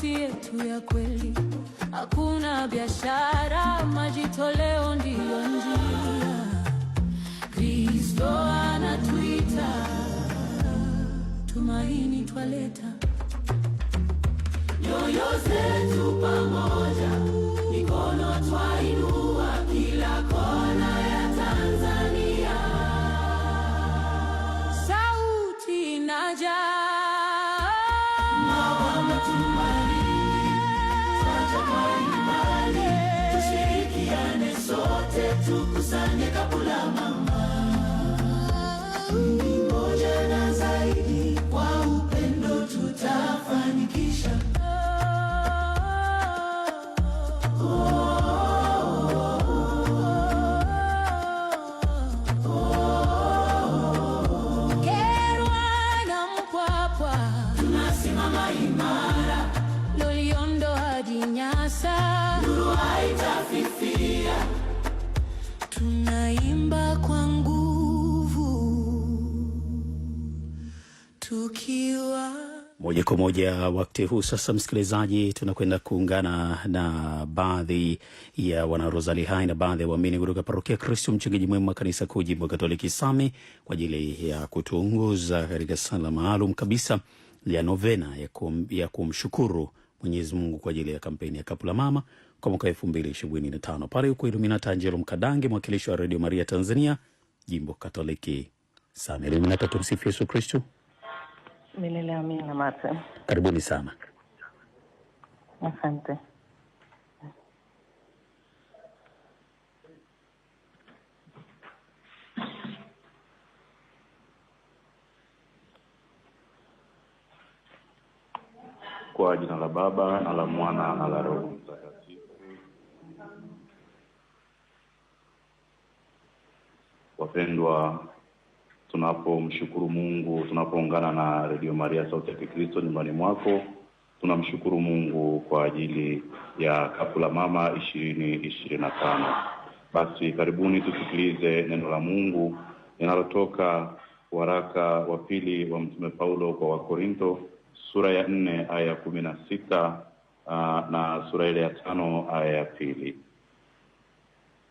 sauti yetu ya kweli. Hakuna biashara, majitoleo ndiyo njia. Kristo anatuita, tumaini twaleta, nyoyo zetu pamoja moja wakati huu sasa, msikilizaji, tunakwenda kuungana na baadhi ya wanarosali hai na baadhi ya waamini kutoka parokia Kristo Mchungaji Mwema, kanisa kuu jimbo Katoliki Same, kwa ajili ya kutuongoza katika sala maalum kabisa ya novena ya, kum, ya kumshukuru Mwenyezi Mungu kwa ajili ya kampeni ya Kapu la Mama kwa mwaka elfu mbili ishirini na tano. Pale huko Iluminata Angelo Mkadange, mwakilishi wa Redio Maria Tanzania, jimbo Katoliki Same. Iluminata, tumsifu Yesu Kristo. Milele amina, mate. Karibuni sana. Asante. Kwa jina la Baba na la Mwana na la Roho Mtakatifu. Wapendwa tunapomshukuru Mungu, tunapoungana na Radio Maria Sauti ya Kikristo nyumbani mwako, tunamshukuru Mungu kwa ajili ya Kapu la Mama ishirini ishirini na tano. Basi karibuni tusikilize neno la Mungu linalotoka waraka wa pili wa Mtume Paulo kwa Wakorinto sura ya nne aya ya kumi na sita ah, na sura ile ya tano aya ya pili.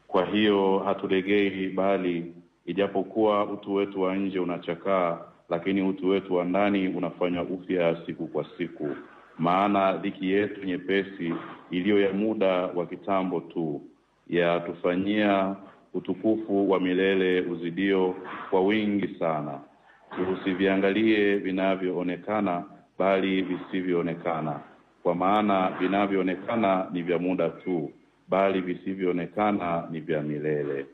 Kwa hiyo hatulegei bali Ijapokuwa utu wetu wa nje unachakaa, lakini utu wetu wa ndani unafanywa upya siku kwa siku, maana dhiki yetu nyepesi iliyo ya muda wa kitambo tu yatufanyia utukufu wa milele uzidio kwa wingi sana. Usiviangalie vinavyoonekana, bali visivyoonekana, kwa maana vinavyoonekana ni vya muda tu, bali visivyoonekana ni vya milele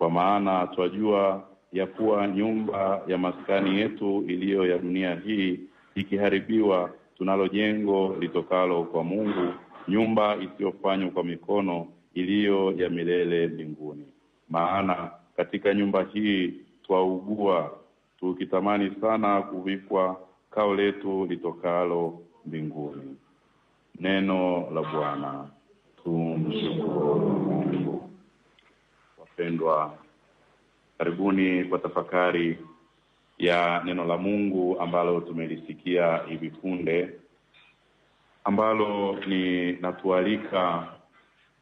kwa maana twajua ya kuwa nyumba ya maskani yetu iliyo ya dunia hii ikiharibiwa, tunalo jengo litokalo kwa Mungu, nyumba isiyofanywa kwa mikono, iliyo ya milele mbinguni. Maana katika nyumba hii twaugua, tukitamani sana kuvikwa kao letu litokalo mbinguni. Neno la Bwana. Tumshukuru Mungu wapendwa, karibuni kwa tafakari ya neno la Mungu ambalo tumelisikia hivi punde, ambalo ni natualika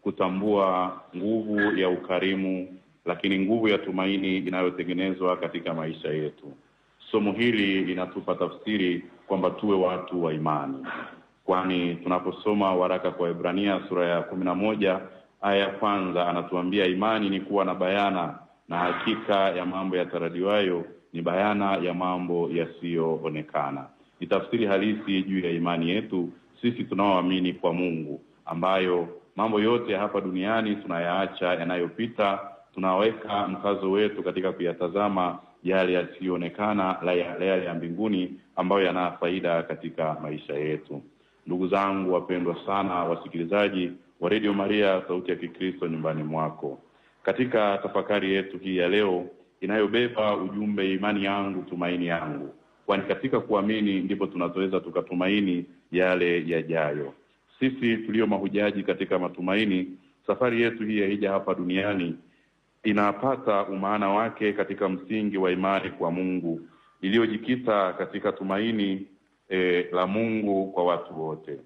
kutambua nguvu ya ukarimu, lakini nguvu ya tumaini inayotengenezwa katika maisha yetu. Somo hili linatupa tafsiri kwamba tuwe watu wa imani, kwani tunaposoma waraka kwa Ibrania sura ya kumi na moja Aya ya kwanza anatuambia imani ni kuwa na bayana na hakika ya mambo yatarajiwayo ni bayana ya mambo yasiyoonekana. Ni tafsiri halisi juu ya imani yetu sisi tunaoamini kwa Mungu, ambayo mambo yote ya hapa duniani tunayaacha yanayopita, tunaweka mkazo wetu katika kuyatazama yale yasiyoonekana, la yale ya mbinguni ambayo yana faida katika maisha yetu. Ndugu zangu wapendwa sana wasikilizaji wa Radio Maria, sauti ya Kikristo nyumbani mwako. Katika tafakari yetu hii ya leo inayobeba ujumbe imani yangu tumaini yangu, kwani katika kuamini ndipo tunazoweza tukatumaini yale yajayo. Sisi tulio mahujaji katika matumaini, safari yetu hii ya hija hapa duniani inapata umaana wake katika msingi wa imani kwa Mungu iliyojikita katika tumaini e, la Mungu kwa watu wote,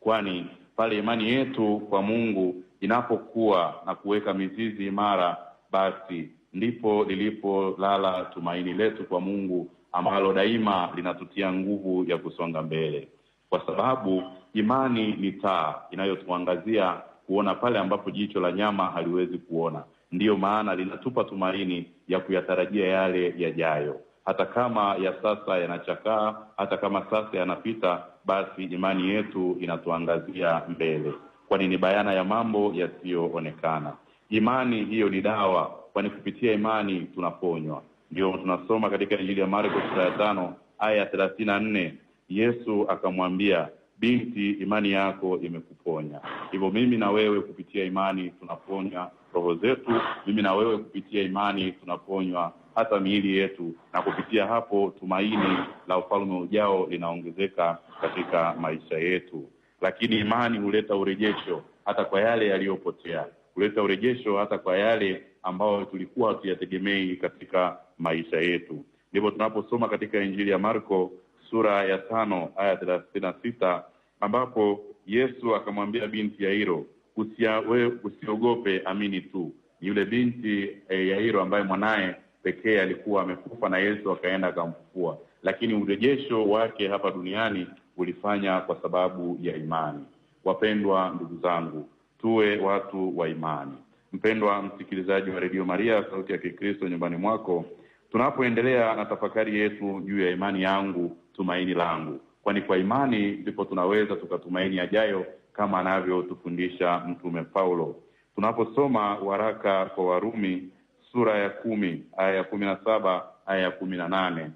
kwani pale imani yetu kwa Mungu inapokuwa na kuweka mizizi imara, basi ndipo lilipolala tumaini letu kwa Mungu, ambalo daima linatutia nguvu ya kusonga mbele, kwa sababu imani ni taa inayotuangazia kuona pale ambapo jicho la nyama haliwezi kuona. Ndiyo maana linatupa tumaini ya kuyatarajia yale yajayo hata kama ya sasa yanachakaa, hata kama sasa yanapita, basi imani yetu inatuangazia mbele, kwani ni bayana ya mambo yasiyoonekana. Imani hiyo ni dawa, kwani kupitia imani tunaponywa. Ndio tunasoma katika Injili ya Marko sura ya tano aya ya thelathini na nne Yesu akamwambia binti, imani yako imekuponya. Hivyo mimi na wewe kupitia imani tunaponywa roho zetu, mimi na wewe kupitia imani tunaponywa hata miili yetu, na kupitia hapo tumaini la ufalme ujao linaongezeka katika maisha yetu. Lakini imani huleta urejesho hata kwa yale yaliyopotea, huleta urejesho hata kwa yale ambayo tulikuwa hatuyategemei katika maisha yetu. ndipo tunaposoma katika Injili ya Marko sura ya tano aya thelathini na sita ambapo Yesu akamwambia binti Yairo, usia, usiogope, amini tu. Yule binti eh, Yairo ambaye mwanaye pekee alikuwa amekufa na Yesu akaenda akamfufua, lakini urejesho wake hapa duniani ulifanya kwa sababu ya imani. Wapendwa ndugu zangu, tuwe watu wa imani. Mpendwa msikilizaji wa redio Maria, sauti ya Kikristo nyumbani mwako, tunapoendelea na tafakari yetu juu ya imani yangu, tumaini langu, kwani kwa imani ndipo tunaweza tukatumaini yajayo, kama anavyotufundisha Mtume Paulo tunaposoma waraka kwa Warumi sura ya kumi aya ya kumi na saba aya ya kumi na nane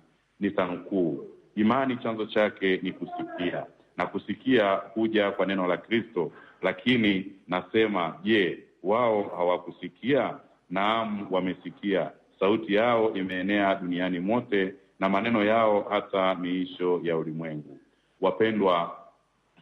tanukuu imani chanzo chake ni kusikia na kusikia huja kwa neno la Kristo. Lakini nasema je, wao hawakusikia? Naam, wamesikia. Sauti yao imeenea duniani mote, na maneno yao hata miisho ya ulimwengu. Wapendwa,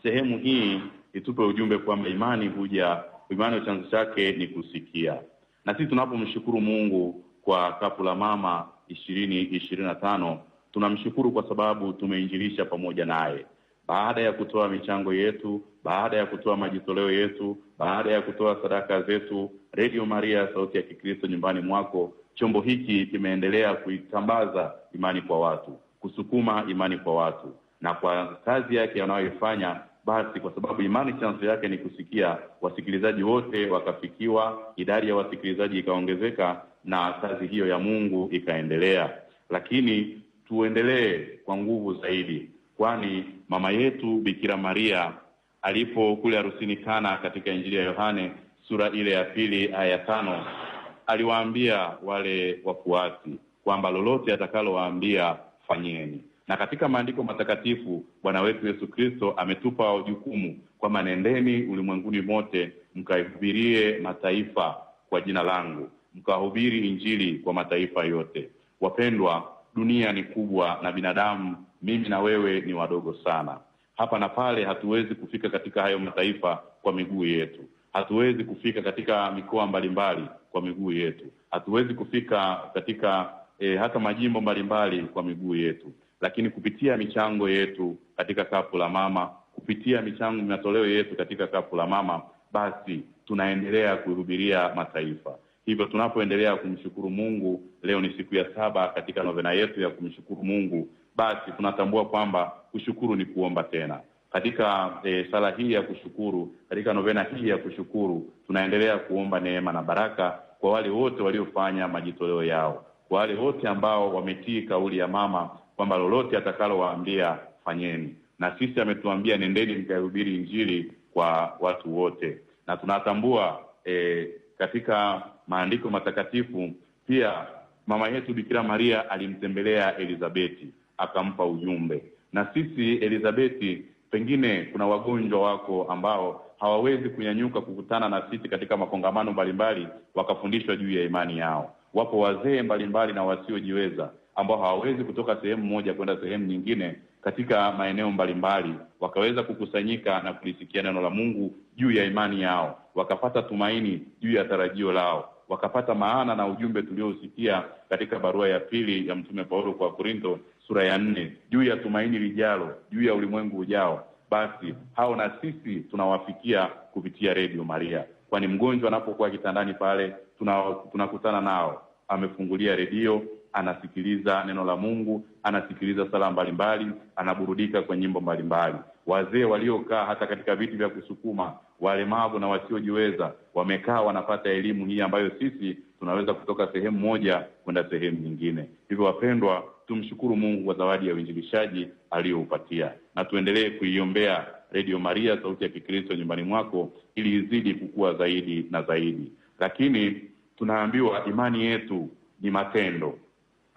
sehemu hii itupe ujumbe kwamba imani huja, imani chanzo chake ni kusikia na sisi tunapomshukuru Mungu kwa kapu la mama ishirini ishirini na tano tunamshukuru kwa sababu tumeinjilisha pamoja naye, baada ya kutoa michango yetu, baada ya kutoa majitoleo yetu, baada ya kutoa sadaka zetu. Radio Maria, sauti ya Kikristo nyumbani mwako, chombo hiki kimeendelea kuitambaza imani kwa watu, kusukuma imani kwa watu, na kwa kazi yake anayoifanya basi kwa sababu imani chanzo yake ni kusikia, wasikilizaji wote wakafikiwa, idadi ya wasikilizaji ikaongezeka na kazi hiyo ya Mungu ikaendelea. Lakini tuendelee kwa nguvu zaidi, kwani mama yetu Bikira Maria alipo kule harusini Kana, katika Injili ya Yohane sura ile ya pili aya tano aliwaambia wale wafuasi kwamba lolote atakalowaambia fanyeni na katika maandiko matakatifu Bwana wetu Yesu Kristo ametupa jukumu kwamba nendeni ulimwenguni mote mkahubirie mataifa kwa jina langu, mkahubiri Injili kwa mataifa yote. Wapendwa, dunia ni kubwa na binadamu, mimi na wewe ni wadogo sana. Hapa na pale hatuwezi kufika katika hayo mataifa kwa miguu yetu, hatuwezi kufika katika mikoa mbalimbali kwa miguu yetu, hatuwezi kufika katika eh, hata majimbo mbalimbali kwa miguu yetu lakini kupitia michango yetu katika kapu la mama, kupitia michango matoleo yetu katika kapu la mama, basi tunaendelea kuhubiria mataifa. Hivyo tunapoendelea kumshukuru Mungu, leo ni siku ya saba katika novena yetu ya kumshukuru Mungu, basi tunatambua kwamba kushukuru ni kuomba tena. Katika e, sala hii ya kushukuru, katika novena hii ya kushukuru, tunaendelea kuomba neema na baraka kwa wale wote waliofanya majitoleo yao, kwa wale wote ambao wametii kauli ya mama kwamba lolote atakalowaambia fanyeni, na sisi ametuambia nendeni mkaihubiri Injili kwa watu wote, na tunatambua e, katika maandiko matakatifu pia mama yetu Bikira Maria alimtembelea Elizabeti akampa ujumbe. Na sisi Elizabeti, pengine kuna wagonjwa wako ambao hawawezi kunyanyuka kukutana na sisi katika makongamano mbalimbali wakafundishwa juu ya imani yao. Wapo wazee mbalimbali na wasiojiweza ambao hawawezi kutoka sehemu moja kwenda sehemu nyingine katika maeneo mbalimbali, wakaweza kukusanyika na kulisikia neno la Mungu juu ya imani yao, wakapata tumaini juu ya tarajio lao, wakapata maana na ujumbe tuliosikia katika barua ya pili ya Mtume Paulo kwa Korinto sura ya nne juu ya tumaini lijalo, juu ya ulimwengu ujao. Basi hao na sisi tunawafikia kupitia Radio Maria, kwani mgonjwa anapokuwa kitandani pale tunakutana tuna nao, amefungulia redio anasikiliza neno la Mungu, anasikiliza sala mbalimbali, anaburudika kwa nyimbo mbalimbali. Wazee waliokaa hata katika viti vya kusukuma, walemavu na wasiojiweza wamekaa, wanapata elimu hii ambayo sisi tunaweza kutoka sehemu moja kwenda sehemu nyingine. Hivyo wapendwa, tumshukuru Mungu kwa zawadi ya uinjilishaji aliyoupatia, na tuendelee kuiombea Radio Maria sauti ya Kikristo nyumbani mwako, ili izidi kukua zaidi na zaidi. Lakini tunaambiwa imani yetu ni matendo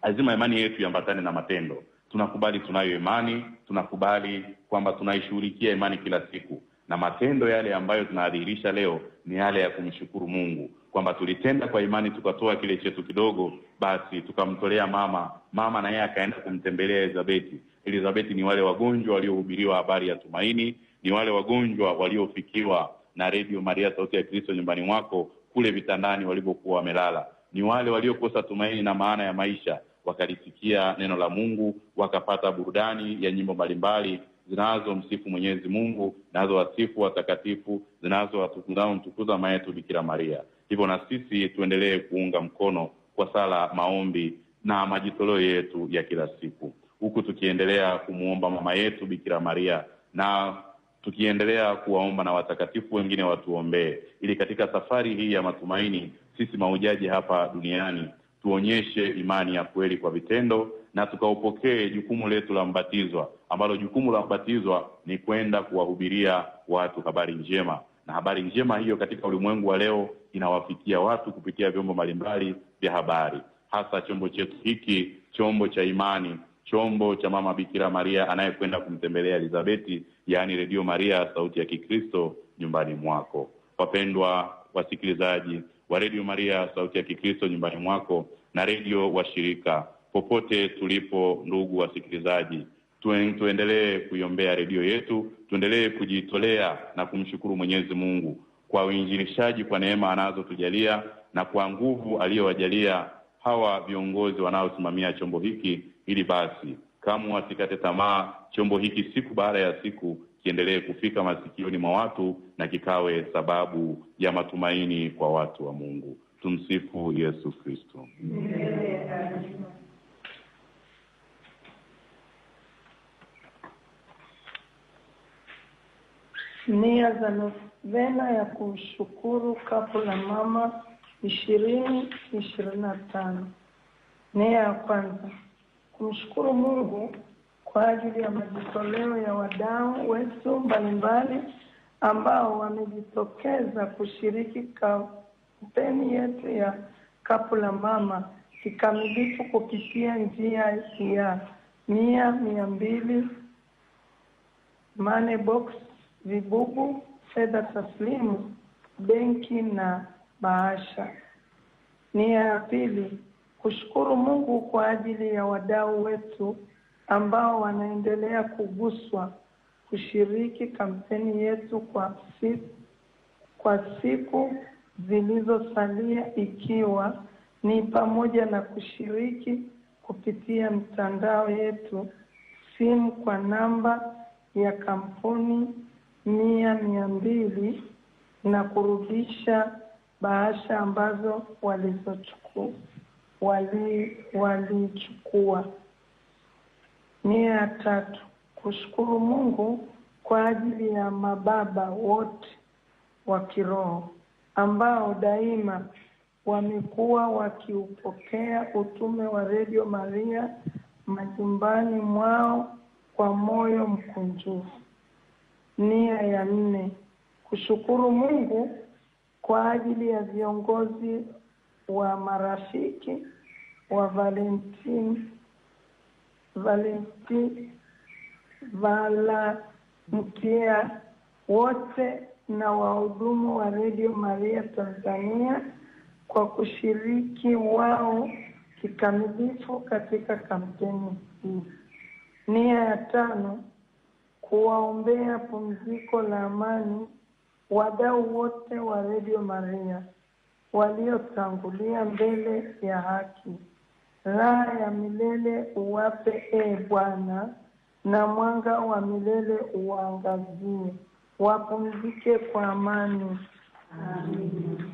lazima imani yetu iambatane na matendo. Tunakubali tunayo imani, tunakubali kwamba tunaishughulikia imani kila siku, na matendo yale ambayo tunadhihirisha leo ni yale ya kumshukuru Mungu kwamba tulitenda kwa imani, tukatoa kile chetu kidogo, basi tukamtolea mama mama, na yeye akaenda kumtembelea Elizabeti. Elizabeti ni wale wagonjwa waliohubiriwa habari ya tumaini, ni wale wagonjwa waliofikiwa na Redio Maria, sauti ya Kristo nyumbani mwako, kule vitandani walivyokuwa wamelala, ni wale waliokosa tumaini na maana ya maisha wakalisikia neno la Mungu, wakapata burudani ya nyimbo mbalimbali zinazomsifu Mwenyezi Mungu, zinazowasifu watakatifu, zinazomtukuza mama yetu Bikira Maria. Hivyo na sisi tuendelee kuunga mkono kwa sala, maombi na majitoleo yetu ya kila siku, huku tukiendelea kumwomba mama yetu Bikira Maria na tukiendelea kuwaomba na watakatifu wengine watuombee, ili katika safari hii ya matumaini sisi maujaji hapa duniani tuonyeshe imani ya kweli kwa vitendo na tukaupokee jukumu letu la mbatizwa, ambalo jukumu la mbatizwa ni kwenda kuwahubiria watu habari njema, na habari njema hiyo katika ulimwengu wa leo inawafikia watu kupitia vyombo mbalimbali vya habari, hasa chombo chetu hiki, chombo cha imani, chombo cha Mama Bikira Maria anayekwenda kumtembelea Elizabeti, yaani Redio Maria, sauti ya Kikristo nyumbani mwako. Wapendwa wasikilizaji wa Redio Maria sauti ya Kikristo nyumbani mwako na redio washirika popote tulipo. Ndugu wasikilizaji, tuendelee kuiombea redio yetu, tuendelee kujitolea na kumshukuru Mwenyezi Mungu kwa uinjilishaji, kwa neema anazotujalia na kwa nguvu aliyowajalia hawa viongozi wanaosimamia chombo hiki, ili basi kamwe wasikate tamaa. Chombo hiki siku baada ya siku kiendelee kufika masikioni mwa watu na kikawe sababu ya matumaini kwa watu wa Mungu. Tumsifu Yesu Kristo. Nia za novena ya kumshukuru Kapu la Mama ishirini ishirini na tano. Nia ya kwanza kumshukuru Mungu kwa ajili ya majitoleo ya wadau wetu mbalimbali ambao wamejitokeza kushiriki kampeni yetu ya Kapu la Mama kikamilifu kupitia njia ya mia mia mbili money box, vibubu, fedha taslimu, benki na bahasha. Nia ya pili, kushukuru Mungu kwa ajili ya wadau wetu ambao wanaendelea kuguswa kushiriki kampeni yetu kwa siku, kwa siku zilizosalia ikiwa ni pamoja na kushiriki kupitia mtandao yetu simu kwa namba ya kampuni mia mia mbili na kurudisha bahasha ambazo walizochukua wali walichukua mia ya tatu kushukuru Mungu kwa ajili ya mababa wote wa kiroho ambao daima wamekuwa wakiupokea utume wa Redio Maria majumbani mwao kwa moyo mkunjufu. Nia ya nne, kushukuru Mungu kwa ajili ya viongozi wa marafiki wa Valentini Valenti Valantia wote na wahudumu wa Radio Maria Tanzania kwa kushiriki wao kikamilifu katika kampeni hii. Nia ya tano, kuwaombea pumziko la amani wadau wote wa Radio Maria waliotangulia mbele ya haki raha ya milele uwape, e Bwana, na mwanga wa milele uwaangazie. Wapumzike kwa amani. Amina.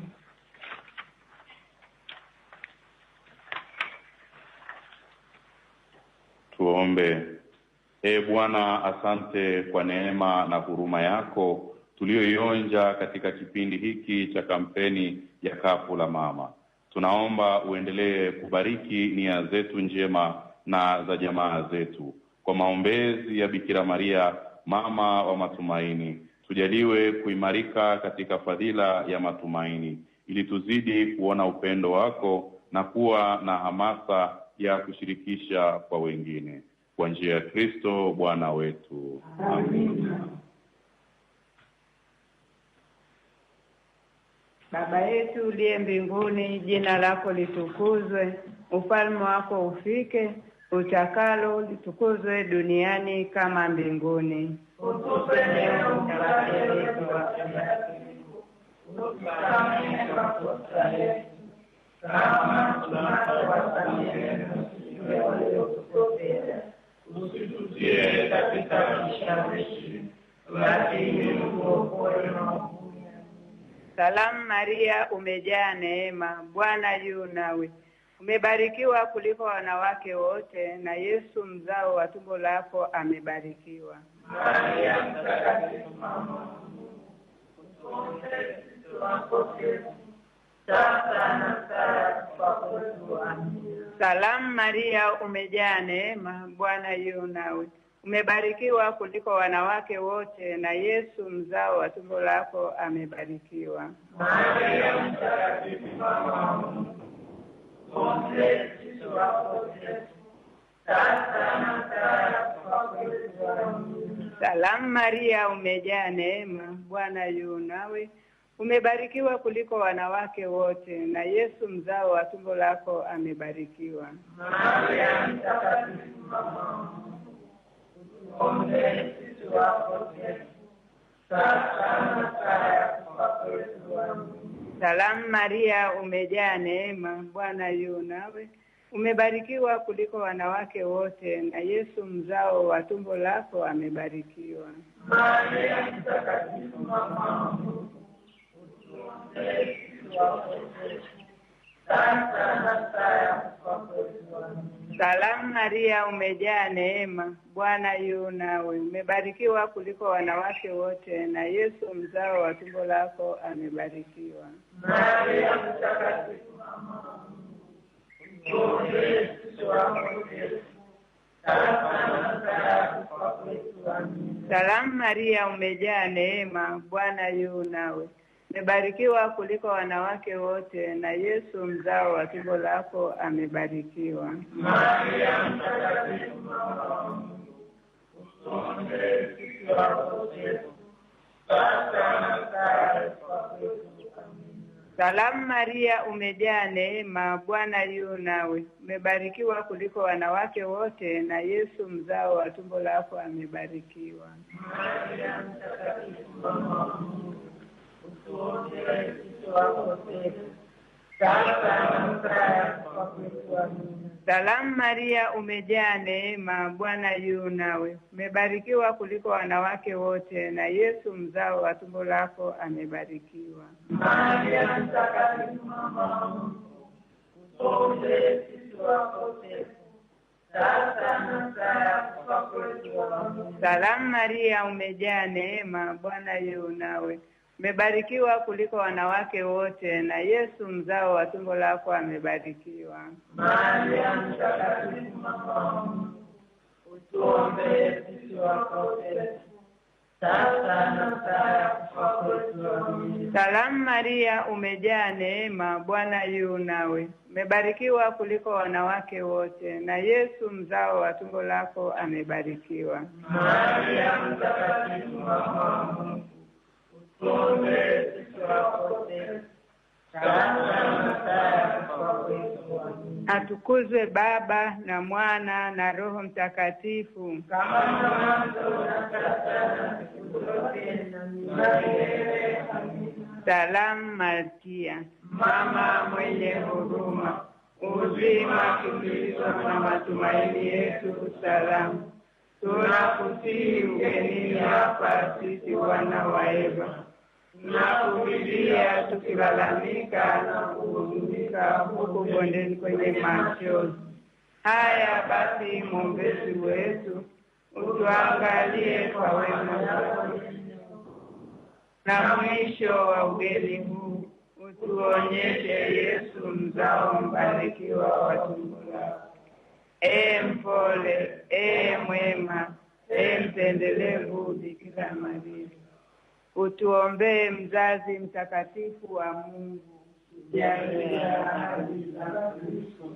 Tuombe. E Bwana, asante kwa neema na huruma yako tuliyoionja katika kipindi hiki cha kampeni ya Kapu la Mama. Tunaomba uendelee kubariki nia zetu njema na za jamaa zetu. Kwa maombezi ya Bikira Maria, mama wa matumaini, tujaliwe kuimarika katika fadhila ya matumaini, ili tuzidi kuona upendo wako na kuwa na hamasa ya kushirikisha kwa wengine, kwa njia ya Kristo Bwana wetu. Amina. Baba yetu uliye mbinguni, jina lako litukuzwe, ufalme wako ufike, utakalo litukuzwe duniani kama mbinguni. Utupe leo mkate wetu wa kila siku, utusamehe makosa yetu kama tunavyowasamehe waliotukosea, usitutie katika mashawishi, lakini utuokoe maovu Salamu Maria, umejaa neema, Bwana yu nawe, umebarikiwa kuliko wanawake wote, na Yesu mzao wa tumbo lako amebarikiwa. Maria Mtakatifu, mama sasa na saa ya kufa kwetu. Salamu Maria, umejaa neema, Bwana yu nawe Umebarikiwa kuliko wanawake wote, na Yesu mzao wa tumbo lako amebarikiwa. Maria Mtakatifu, mama wa Mungu, tuombee sisi sasa na saa ya kufa kwetu. Salamu Maria, umejaa neema, Bwana yu nawe, umebarikiwa kuliko wanawake wote, na Yesu mzao wa tumbo lako amebarikiwa. Maria Mtakatifu, mama wa Mungu Salamu Maria, umejaa neema, Bwana yu nawe umebarikiwa kuliko wanawake wote, na Yesu mzao wa tumbo lako amebarikiwa. Maria Mtakatifu, mama wa Mungu, utuombee sisi Salamu Maria, umejaa neema, Bwana yu nawe, umebarikiwa kuliko wanawake wote, na Yesu mzao wa tumbo lako amebarikiwa. Maria mtakatifu, mama Salamu Maria, umejaa neema, Bwana yu nawe Mebarikiwa kuliko wanawake wote na Yesu mzao wa tumbo lako amebarikiwa. Maria mtakatifu Salamu Maria, umejaa neema, Bwana yu nawe, umebarikiwa kuliko wanawake wote na Yesu mzao wa tumbo lako amebarikiwa. Maria mtakatifu Mama wa Mungu Salamu Maria, umejaa neema, Bwana yu nawe, umebarikiwa kuliko wanawake wote, na Yesu mzao wa tumbo lako amebarikiwa. Maria mtakatifu, mama wa Mungu, Salamu Maria, umejaa neema, Bwana yu nawe mebarikiwa kuliko wanawake wote na Yesu mzao wa tumbo lako amebarikiwa. Maria mtakatifu mama, utuombee sisi wakosefu sasa na saa ya kufa kwetu. Amina. Salamu Maria, umejaa neema, Bwana yu nawe, mebarikiwa kuliko wanawake wote na Yesu mzao wa tumbo lako amebarikiwa. Maria mtakatifu mama Atukuzwe Baba na Mwana na Roho Mtakatifu, Salamu Malkia, mama mwenye huruma, uzima, kimbizo na matumaini yetu, salamu. tunakutii ugenini hapa sisi wana wa Eva na kulilia tukilalamika na kuhuzunika huku bondeni kwenye machozi. Haya basi, mwombezi wetu, utuangalie kwa wema na mwisho wa ugeni huu utuonyeshe Yesu mzao mbarikiwa wa tumbo lako. E mpole, e mwema, e mpendelevu Bikira Maria Utuombee mzazi mtakatifu wa Mungu, tujalie ahadi za Kristo.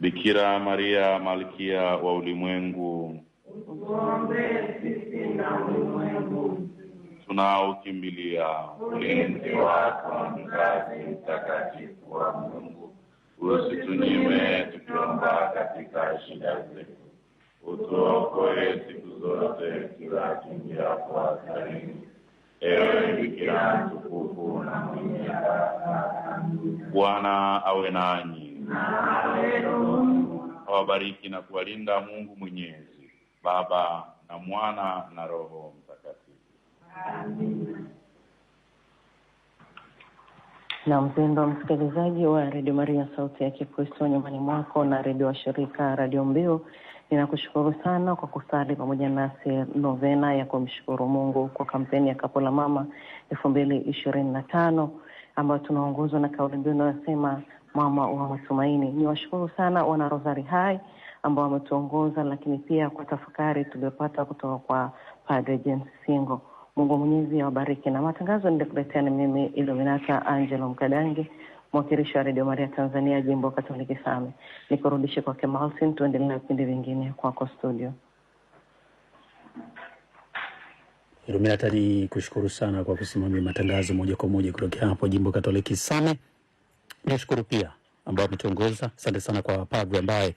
Bikira Maria malkia wa ulimwengu, utuombee sisi na ulimwengu tunaokimbilia ulinzi wako, mzazi mtakatifu wa Mungu usitunyime tukiomba katika shida zetu, utuokoe siku zote tunakimbia kwa hatarini. Ewe Bikira mtukufu na mwenye Bwana awe nanyi, awabariki na kuwalinda Mungu Mwenyezi, Baba na Mwana na Roho Mtakatifu. Amina. Na mpendwa msikilizaji wa redio Maria, sauti ya Kikristo nyumbani mwako na redio wa shirika Radio Mbiu, ninakushukuru sana kwa kusali pamoja nasi novena ya kumshukuru Mungu kwa kampeni ya Kapo la Mama elfu mbili ishirini na tano ambayo tunaongozwa na kauli mbiu inayosema mama wa matumaini. Ni washukuru sana wana Rosari Hai ambao wametuongoza, lakini pia kwa tafakari tuliyopata kutoka kwa Padre James Singo. Mungu Mwenyezi awabariki. Na matangazo nilikuletea ni mimi Iluminata Angelo Mkadange, mwakilishi wa Redio Maria Tanzania, jimbo Katoliki Same. Nikurudishe kwake Malsin, tuendelee na vipindi vingine kwako studio. Iluminata, ni kushukuru sana kwa kusimamia matangazo moja kwa moja kutokea hapo jimbo Katoliki Same. Nashukuru pia ambao ametuongoza. Asante sana kwa padri ambaye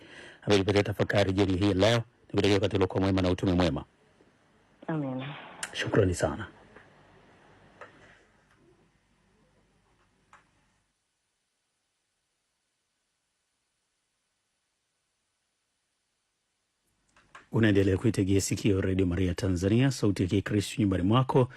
ametupatia tafakari jioni hii leo. Nikutakia wakati uliokuwa mwema na utume mwema. Amina. Shukrani sana. Unaendelea kuitegea sikio Redio Maria Tanzania, sauti ya Kikristo nyumbani mwako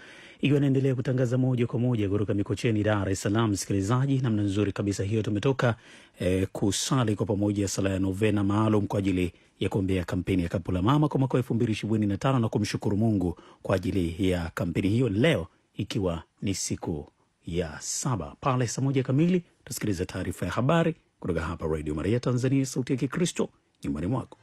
ikiwa inaendelea kutangaza moja kwa moja kutoka Mikocheni, Dar es Salaam. Msikilizaji, namna nzuri kabisa hiyo, tumetoka eh, kusali kwa pamoja sala ya novena maalum kwa ajili ya kuombea kampeni ya Kapu la Mama kwa mwaka wa elfu mbili ishirini na tano na kumshukuru Mungu kwa ajili ya kampeni hiyo, leo ikiwa ni siku ya saba. Pale saa moja kamili tusikilize taarifa ya habari kutoka hapa Radio Maria Tanzania, sauti ya Kikristo nyumbani mwako.